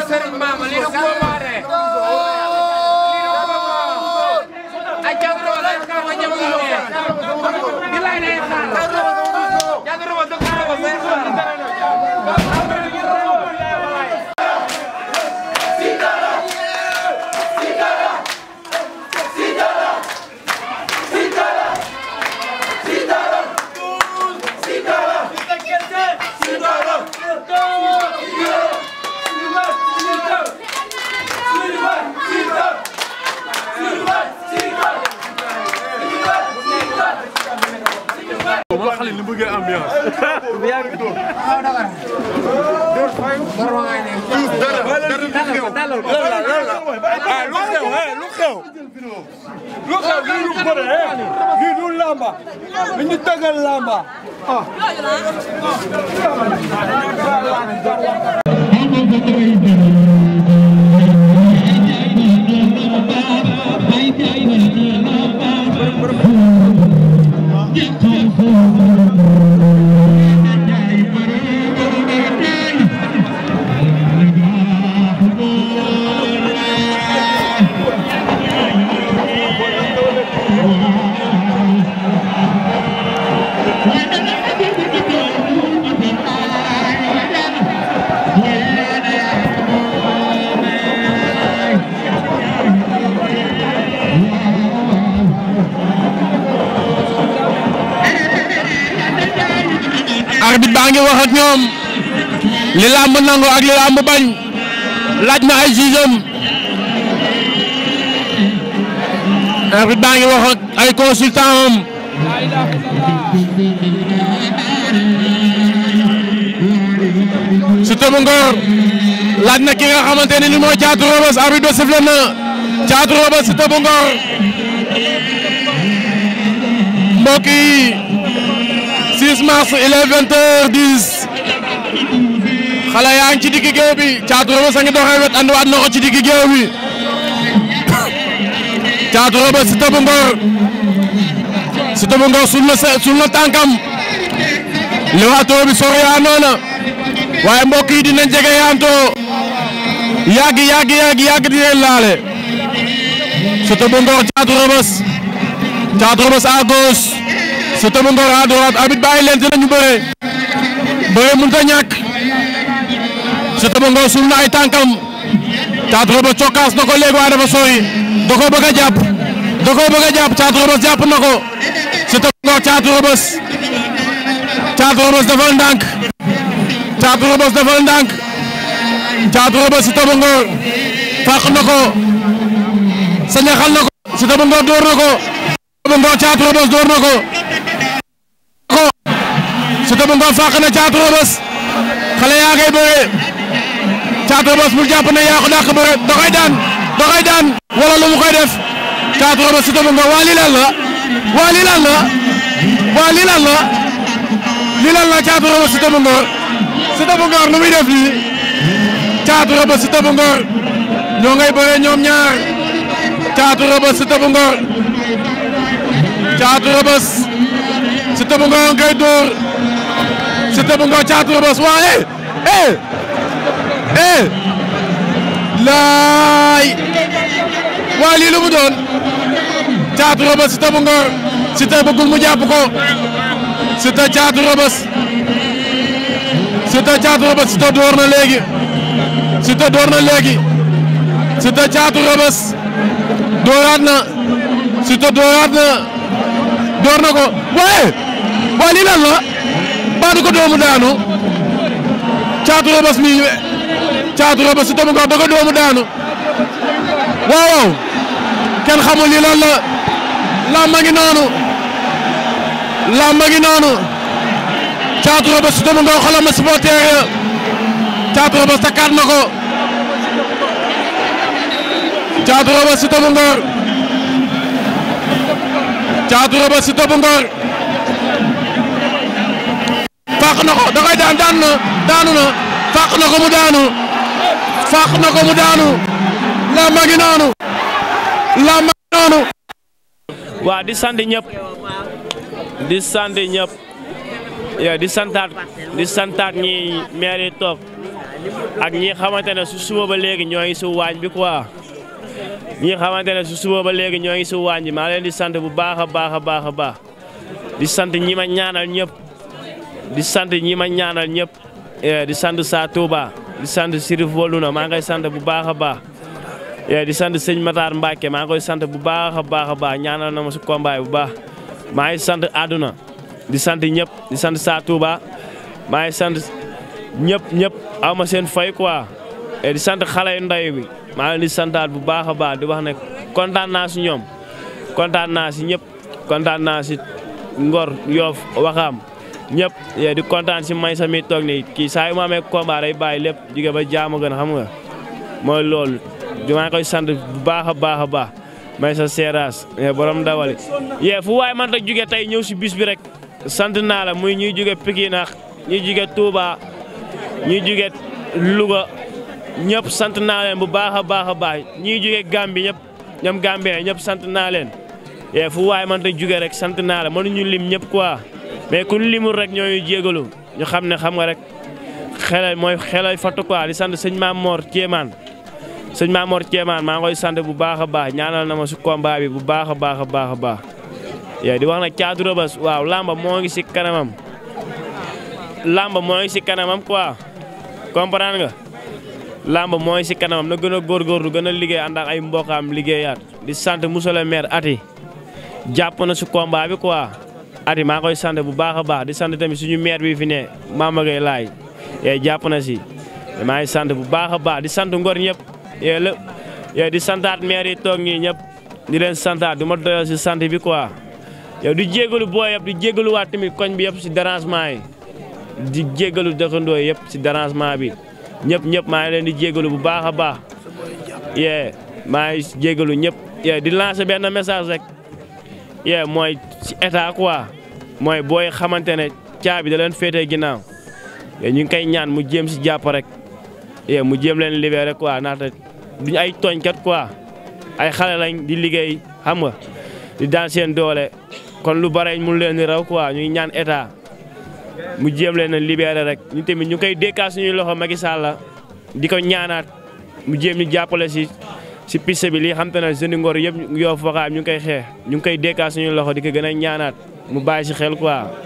barke Serigne Mama li na ko maare li na ko maare a jangol ay ka ma jangol bilay na yalla man xale li bëggee ambiance. lu xew lu xew lii du bëre lii du lamba dañu tëggal lamba ah ngi wax laaj na ay sixième arbitre baa ngi wax na ki nga xamante ne ni mooy Thiatou Rebeuss arbitre bi sifflé na Thiatou Rebeuss Siteu bu 6 mars il est 20 h yaa ngi ci digg géew bi Thiatou Rebeuss a ngi doxee wet andiwaat na ko ci digg géew bi Thiatou Rebeuss Siteu bu Ngor Siteu bu na suul li waatoo bi sori waaye mbokk yi dinañ jege yaantoo yàgg yàgg yàgg yàgg dinañ laale Siteu bu Ngor Thiatou Rebeuss Siteu bu Ngor à droite arbitre bàyyi leen dinañu bëree bëree mënut a ñàkk Siteu bu Ngor suul na ay tànkam Thiatou Rebeuss cokkaas na ko léegi waaye dafa sori da koo bëgg a jàpp da koo bëgg a jàpp Thiatou Rebeuss jàpp na ko Siteu bu Ngor Thiatou Rebeuss sañaxal na ko Siteu door na Siteu bu Ngor fàq na Caatu Rebeuss xale yaa ngay bëree Caatu Rebeuss bu jàpp ne yaa ko dàq daan da daan wala lu mu koy def Caatu Rebeuss Siteu bu waa lii lan la waa lii lan lii lan Caatu Rebeuss Siteu bu Ngor Siteu nu muy def lii Caatu Rebeuss Siteu bu Ngor ñoo ngay bëree Caatu Rebeuss Siteu bu Ngor Caatu Rebeuss Siteu Siteu bu Ngor Caatu Rebeuss waa eh eh laay waa lii lu mu doon Caatu Rebeuss Siteu bu Ngor Siteu bëggul mu ko Siteu Caatu Rebeuss Siteu Caatu Rebeuss Siteu door na léegi Siteu door na léegi Siteu ko waa lii lan la baatu ko doomu daanu caatu robas mi caatu robas si tamu ko da ko doomu daanu waaw kenn xamul li lan la làmba ngi noonu ma supporter ya caatu robas takkaat na ko caatu robas si tamu ngor caatu robas si fàq na ko da daan daanu na fàq na ko mu daanu fàq na ko mu daanu làmba ngi noonu làmba waa di sant ñëpp di sant ñëpp yow di santaat di santaat ñi maire toog ak ñi xamante ne su suba ba léegi ñoo ngi su waañ bi quoi ñi xamante ne su suba ba léegi ñoo ngi su waañ bi maa leen di sant bu baax a baax a baax a baax di sant ñi ma ñaanal ñëpp di sant ñi ma ñaanal ñëpp eh, di sant saa Touba di sant Sirif Waluna maa ngay sant bu baax a baax eh, di sant sëñ Matar mbaake maa koy sant bu baax a baax a baax ñaanal na ma si combat bu baax maa ngi sant àdduna di sant ñëpp di sant saa Touba maa ngi sant ñëpp ñëpp aw ma seen fay eh, di sant xale yu bi maa ngi di santaat bu baax a baax di wax ne kontaan naa si ñoom kontaan naa si ñëpp kontaan naa si Ngor Yoff Waxaam ñëpp yee di kontaan si may sami toog nii kii saa yu ma amee combat lépp jóge ba jaamu gën xam nga mooy loolu maa ngi koy sant bu baax a baax a baax may sa seeraas borom dawali yee fu man ta jóge tey ñëw si bis bi rek sant naa la muy ñuy jóge Pikine ak ñuy jóge Touba ñuy jóge Louga ñëpp sant naa leen bu baax a baax a baax ñuy jóge Gambie ñëpp ñoom Gambien ñëpp sant naa leen yee fu man ta jóge rek sant naa la mënuñu lim ñëpp quoi mais ku limul rek ñooñu jégalu ñu xam ne xam nga rek xelal mooy xelal fatu quoi di sant sëñ Maam Mor Céemaan sëñ Maam Mor Céemaan maa ngi sant bu baax a baax ñaanal na ma si combat bu baax a baax a baax a baax di wax na Caatu Rebeuss waaw lamba moo ngi si kanamam lamba moo ngi si kanamam quoi comprendre nga lamba moo ngi si kanamam na gën a góor góor du gën a liggéey ànd ay mbokaam liggéeyaat di sant monsieur le maire ati jàpp na si combat bi quoi Adi maa koy sant bu baax a baax di sant tamit suñu maire bi fi ne Mama Gueye laay yee eh, jàpp na si maa ngi sant bu baax a baax di sant ngor ñëpp yee eh, la eh, di santaat maire yi toog ñii ñëpp di leen santaat du ma doyal si sant bi quoi. yow di jégalu boo yëpp di jégaluwaat tamit koñ bi yëpp si dérangement yi di jégalu dëkkandoo yëpp si dérangement bi ñëpp ñëpp maa ngi leen di jégalu bu baax a baax yee maa ngi jégalu ñëpp yee di lancer benn message rek yee mooy si état quoi. mooy booy xamante ne caabi da leen féetee ginnaaw ñu ngi koy ñaan mu jéem si jàpp rek et mu jéem leen libéré quoi naata duñ ay tooñkat quoi ay xale lañ di liggéey xam nga di daan seen doole kon lu bare mun leen di raw quoi ñuy ñaan état mu jéem leen a libéré rek ñu tamit ñu koy dékkaat suñuy loxo Macky Sall la di ko ñaanaat mu jéem ñu jàppale si si piste bi lii xam te ne jeune Ngor ñu ngi koy xeex ñu ngi koy dékkaat suñuy loxo di ko gën a ñaanaat. mu bàyyi si xel quoi.